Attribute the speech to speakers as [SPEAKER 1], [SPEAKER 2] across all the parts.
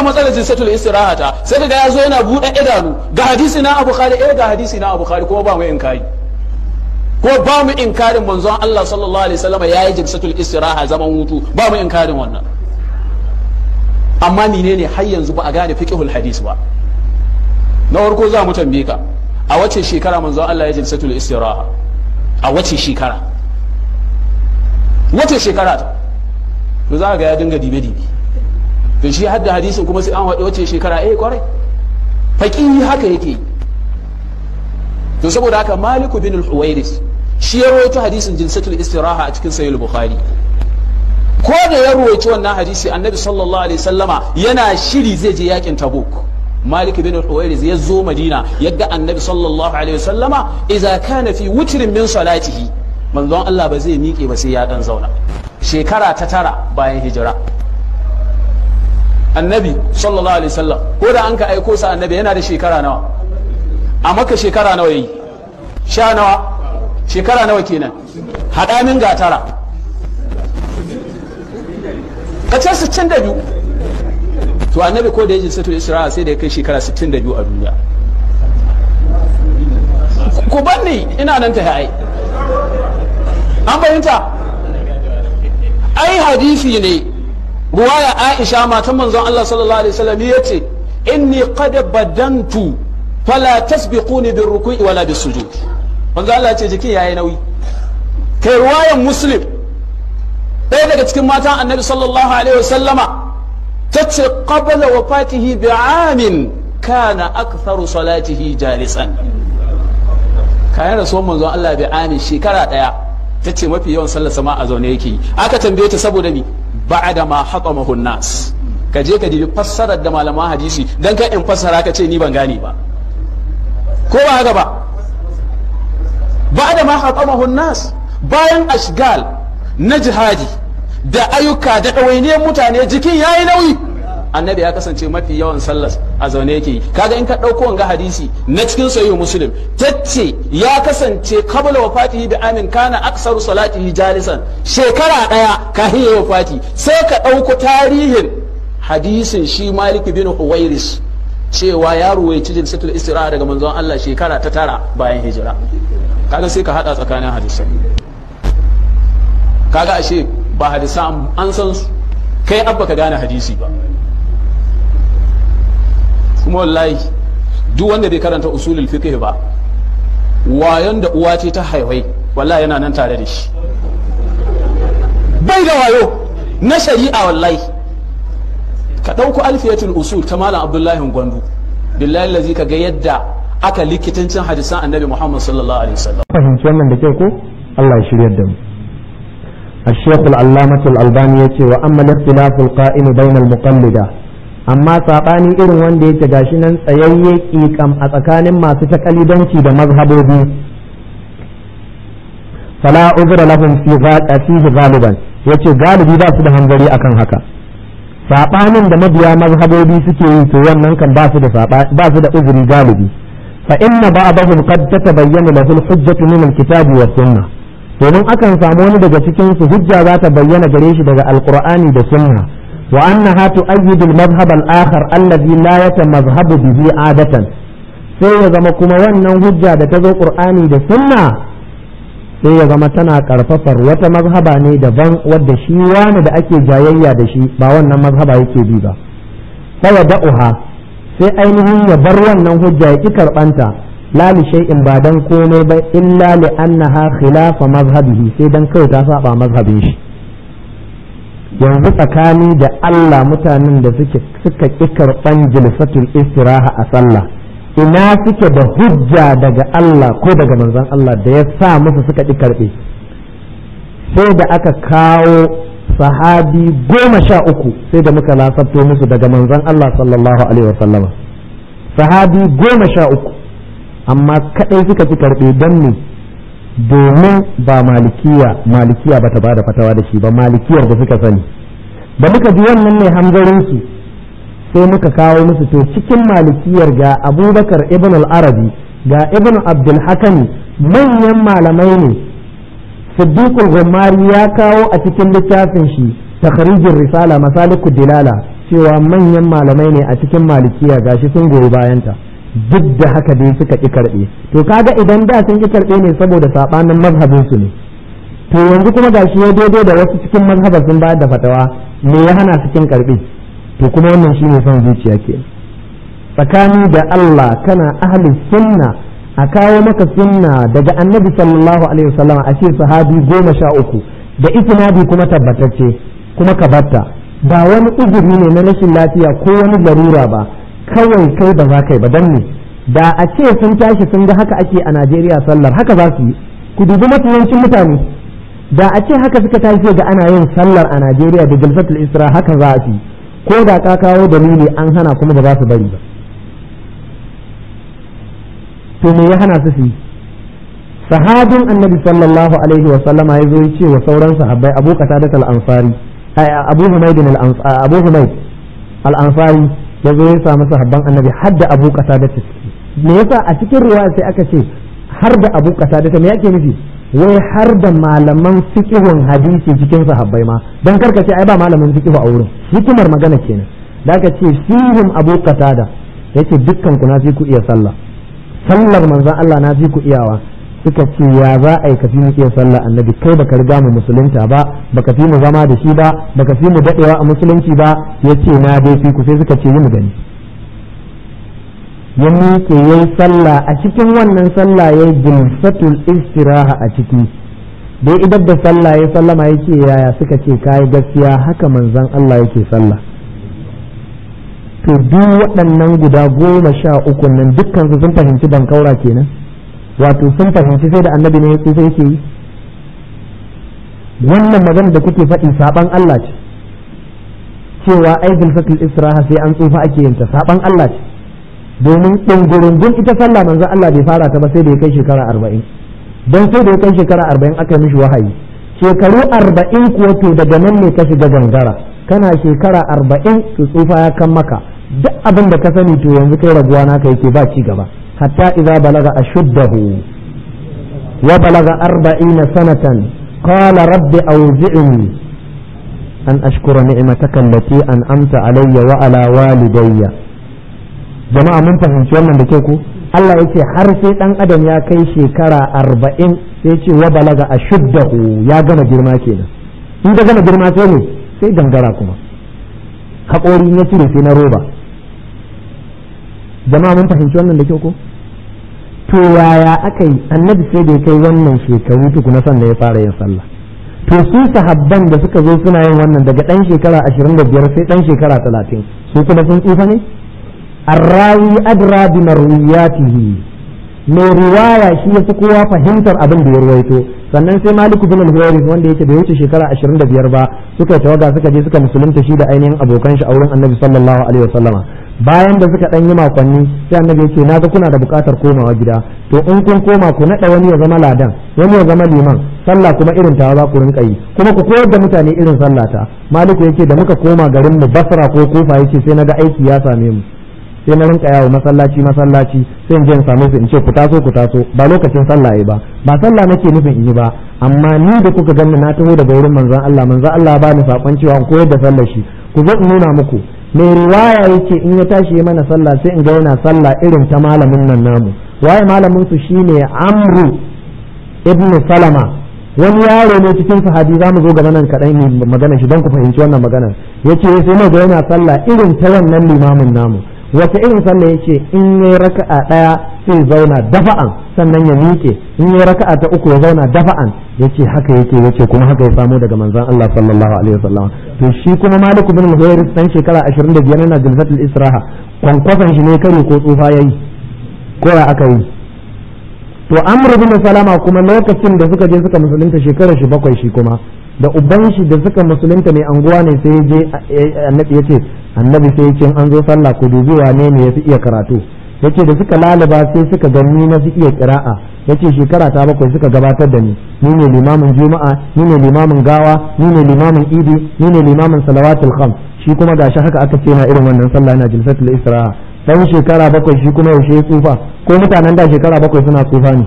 [SPEAKER 1] da matsalar jinsatul istiraha ta sai kaga ya zo yana buɗe idanu ga hadisi na Abu Khari eh ga hadisi na Abu Khari kuma ba mu inkari ko ba mu inkarin manzon Allah sallallahu alaihi wasallam yayi jinsatul istiraha zaman hutu ba mu inkarin wannan amma ne har yanzu ba a gane fiqhul hadis ba na farko za mu tambaye ka a wace shekara manzon Allah ya jinsatul istiraha a wace shekara wace shekara ta za ga ya dinga dibe dibe to shi hadda hadisin kuma sai an haɗe wace shekara eh kwarai faƙihi haka yake to saboda haka maliku bin al shi ya rawaito hadisin jinsatul istiraha a cikin sahih bukhari ko da ya rawaito wannan hadisi annabi sallallahu alaihi sallama yana shiri zai je yakin tabuk malik bin al ya zo madina yadda annabi sallallahu alaihi sallama idza kana fi wutrin min salatihi manzon Allah ba zai miƙe ba sai ya ɗan zauna shekara ta tara bayan hijira annabi sallallahu alaihi wasallam ko da an ka aiko sa annabi yana da shekara nawa a maka shekara nawa yayi sha nawa shekara nawa kenan hada min gatara kace 62 to annabi ko da yaji sato isra'a sai da ya kai shekara 62 a duniya ku banni ina nan ta hayi an fahimta ai hadisi ne ruwaya aisha matan manzon Allah sallallahu alaihi wasallam yace inni qad badantu fala tasbiquni bir ruku'i wala bis sujud manzon Allah ce jikin yayi nauyi kai ruwayan muslim ɗaya daga cikin matan annabi sallallahu alaihi wasallama tace qabla wafatihi bi'amin kana aktharu salatihi jalisan kayan rasuwan manzon Allah bi'amin shekara daya tace mafi yawan sallar sama a zaune yake yi. aka tambaye ta saboda ni ba'da ma hatamahu nas ka je ka dibi fassarar da malaman hadisi dan ka in fassara ka ce ni ban gane ba ko ba haka ba ba'da ma hatamahu nas bayan ashgal na jihadi da ayyuka da ɗawainiyar mutane jikin yayi nauyi annabi ya kasance mafi yawan sallas a zaune yake kaga in ka ɗauko wanga hadisi na cikin sahihu muslim tacce ya kasance kabla wafatihi bi amin kana aksaru salati jalisan shekara ɗaya ka ya wafati sai ka ɗauko tarihin hadisin shi malik bin huwairis cewa ya ruwaici jilsatul istiraha daga manzon Allah shekara ta tara bayan hijira kaga sai ka hada tsakanin hadisan kaga ashe ba hadisan an san su kai abba ka gane hadisi ba kuma wallahi duk wanda bai karanta usulul fiqh ba wayon da uwa ce ta haihuwa wallahi yana nan tare da shi bai da wayo na shari'a wallahi ka ɗauko alfiyatul usul ta malam abdullahi gwandu billahi lazi ka ga yadda aka likitancin hadisan annabi muhammad sallallahu alaihi wasallam
[SPEAKER 2] fahimci wannan da kyau ko Allah ya shiryar da mu الشيخ العلامة الألباني يقول وأما الاختلاف القائم بين المقلدة amma saɓani irin wanda yake gashi nan tsayayye ƙiƙam a tsakanin masu takalidanci da mazhabobi fala uzra lahum fi fihi galiban yace galibi ba su da hanzari akan haka saɓanin da mabiya mazhabobi suke yi to wannan kan ba su da ba su da uzuri galibi fa inna ba'dahum qad tatabayyana lahu al-hujjatu min al kitab wa sunnah domin akan samu wani daga cikin su hujja za ta bayyana gare shi daga al-qur'ani da sunna وأنها تؤيد المذهب الآخر الذي لا يتمذهب به عادة sai ya zama kuma wannan hujja da ta zo ƙur'ani da sunna sai ya zama tana karfafar wata mazhaba ne daban wadda shi wani da ake jayayya da shi ba wannan mazhaba yake bi ba faya da'uha sai ainihin ya bar wannan hujja ya ƙi karɓanta la li ba dan komai ba illa li annaha khilafa mazhabihi sai dan kawai ta saba mazhabin shi yanzu tsakani da Allah mutanen da suke suka ƙi karɓan jilfatul istiraha a sallah ina suke da hujja daga Allah ko daga manzon Allah da ya sa musu suka ƙi karɓe sai da aka kawo sahabi goma sha uku sai da muka lasafto musu daga manzon Allah sallallahu alaihi wa sallama. sahabi goma sha uku amma kaɗai suka ƙi karɓe don ne domin ba malikiya malikiya ba ta ba da fatawa da shi ba malikiyar da suka sani ba muka ji wannan ne hamzarinsu sai muka kawo musu to cikin malikiyar ga abubakar ibn al-arabi ga ibn abdul hakan manyan malamai ne siddiqul gummari ya kawo a cikin littafin shi takharijin risala masalikud dilala cewa manyan malamai ne a cikin malikiya gashi sun goyi bayanta duk da haka dai suka ƙi karɓe to kaga idan da sun ƙi karɓe ne saboda saɓanin mazhabin su ne to yanzu kuma gashi ya daidai da wasu cikin mazhabar sun bayar da fatawa me ya hana su kin karɓe to kuma wannan shine son zuciya ke tsakani da Allah kana ahli sunna a kawo maka sunna daga annabi sallallahu alaihi wasallam a ce sahabi goma sha uku da isnadi kuma tabbatacce kuma ka batta ba wani uzuri ne na rashin lafiya ko wani larura ba kawai kai ba za kai ba dan ne da a ce sun tashi sun ga haka ake a Najeriya sallar haka za su yi ku dubi mafi mutane da a ce haka suka tashi ga ana yin sallar a Najeriya da gilfatul isra haka za su yi ko da ka kawo dalili an hana kuma ba za su bari ba to me ya hana su su yi sahabin annabi sallallahu alaihi wa sallama ya zo ya ce wa sauran sahabbai abu qatadat al-ansari abu humayd al-ansari ya zo ya samu sahabban annabi har da abu kasa da me yasa a cikin ruwa sai aka ce har da abu kasa da me yake nufi wai har da malaman fiqhun hadisi cikin sahabbai ma dan karka ce ai ba malamin fiqh a wurin hikimar magana kenan da aka ce fihim abu da yace dukkan ku na ku iya sallah sallar manzon Allah na ku iyawa suka ce ya za a yi kafi mu iya sallah annabi kai baka riga mu musulunta ba baka fi mu zama da shi ba baka fi mu dadewa a musulunci ba ya ce na dai fi ku sai suka ce yi mu gani ya miƙe yayi sallah a cikin wannan sallah yi jilsatul istiraha a ciki dai idan da sallah ya sallama yake yaya suka ce kai gaskiya haka manzon Allah yake sallah to duk waɗannan guda goma sha uku nan dukkan su sun fahimci bankaura kenan wato sun fahimci sai da annabi ne ya tsufa yake yi wannan magana da kuke faɗi saban Allah ce cewa ai bilfatul israha sai an tsufa ake yin ta saban Allah ce domin ɗungurungun ita sallah manzo Allah bai fara ta ba sai da ya kai shekara arba'in don sai da ya kai shekara arba'in aka mishi wahayi shekaru arba'in kuwa to daga nan ne ka shiga gangara kana shekara arba'in su tsufa ya kan maka duk abin da ka sani to yanzu kai raguwa naka yake ba ci gaba hatta إذا بلغ أشده wa balaga سنة sanatan رب rabbi أن an نعمتك التي allati an'amta alayya wa ala walidayya jama'a mun fahimci wannan da ke ku Allah ya ce har sai ɗan adam ya kai shekara arba'in sai ce wa balaga a shuddahu ya gama girma kenan in ka gama girma sai ne sai gangara kuma haƙori ya cire sai na roba jama'a mun fahimci wannan da kyau ko to yaya aka yi annabi sai da ya kai wannan shekaru tukuna sanda ya fara yin sallah to su sahabban da suka zo suna yin wannan daga dan shekara ashirin sai dan shekara talatin su kuma sun tsufa ne arrawi adra bi marwiyatihi mai riwaya shi ya fi kowa fahimtar abin da ya ruwaito sannan sai maliku bin al wanda yake da wuce shekara ashirin ba suka tawaga suka je suka musulunta shi da ainihin abokan shi a wurin annabi sallallahu alaihi wasallama bayan da suka ɗan yi makonni sai annabi yake na ga kuna da buƙatar komawa gida to in kun koma ku naɗa wani ya zama ladan wani ya zama liman sallah kuma irin tawa ba ku rinka yi kuma ku koyar da mutane irin sallah ta maliku yake da muka koma garin mu basra ko kufa yake sai na ga aiki ya same mu sai na rinka yawo masallaci masallaci sai in je in same su in ce ku taso ku taso ba lokacin sallah ba ba sallah nake nufin in yi ba amma ni da kuka ganni na taho daga wurin manzon Allah manzon Allah ba ni sakon cewa in koyar da sallar shi ku zo in nuna muku mai riwaya ce in ya tashi ya mana sallah sai in ga yana sallah irin ta malamin nan namu waye malamin su shine amru ibnu salama wani yaro ne cikin sahabi za mu zo gaba nan kaɗan ne magana shi don ku fahimci wannan magana ce sai mai ga yana sallah irin ta wannan limamin namu wata irin sallah ce in yayi raka'a ɗaya sai zauna dafa'an sannan ya miƙe in yayi raka'a ta uku ya zauna dafa'an yace haka yake yace kuma haka ya samu daga manzan Allah sallallahu alaihi wasallam to shi kuma Malik ibn Huwairis dan shekara 25 yana jilzatul Israha kwankwasan shi ne kare ko tsufa yayi ko ya aka yi to Amr ibn Salama kuma lokacin da suka je suka musulunta shekarar shi bakwai shi kuma da uban shi da suka musulunta mai anguwa ne sai ya je annabi ya annabi sai ya an zo sallah ku dubi wane ne ya fi iya karatu yace da suka lalaba sai suka gani na fi iya kira'a yace shekara ta bakwai suka gabatar da ni ni ne limamin juma'a ni ne limamin gawa ni ne limamin idi ni ne limamin salawatul khams shi kuma shi haka aka ce na irin wannan sallah na jilsatul isra'a dan shekara bakwai shi kuma yaushe ya tsufa ko mutanen da shekara bakwai suna tsufa ne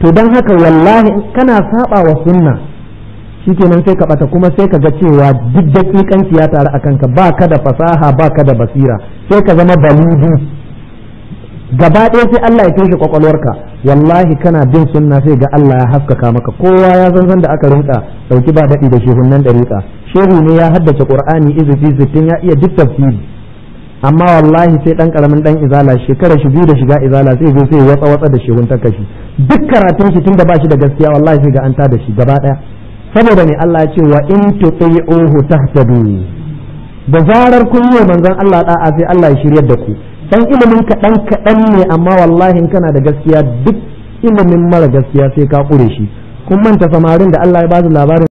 [SPEAKER 2] to don haka wallahi kana saba wa sunna shikenan sai ka bata kuma sai ka ga cewa duk dakikanci ya taru akan ka ba ka da fasaha ba ka da basira sai ka zama baludu gaba ɗaya sai Allah ya kashe kwakwalwarka wallahi kana bin sunna sai ga Allah ya haskaka maka kowa ya san da aka rinka dauki ba daɗi da shehunan ɗariƙa shehu ne ya haddace qur'ani izufi sittin ya iya duk tafsiri amma wallahi sai dan karamin dan izala shekara shi biyu da shiga izala sai zo sai watsa watsa da shegun ta kashi duk karatun shi tunda ba shi da gaskiya wallahi sai ga an ta da shi gaba daya saboda ne Allah ya ce wa in tuti'uhu tahtadu da zarar kun yi manzon Allah da'a sai Allah ya shiryar da ku dan ilimin ka dan kadan ne amma wallahi kana da gaskiya duk ilimin mara gaskiya sai ka kure shi kun manta samarin da Allah ya ba labarin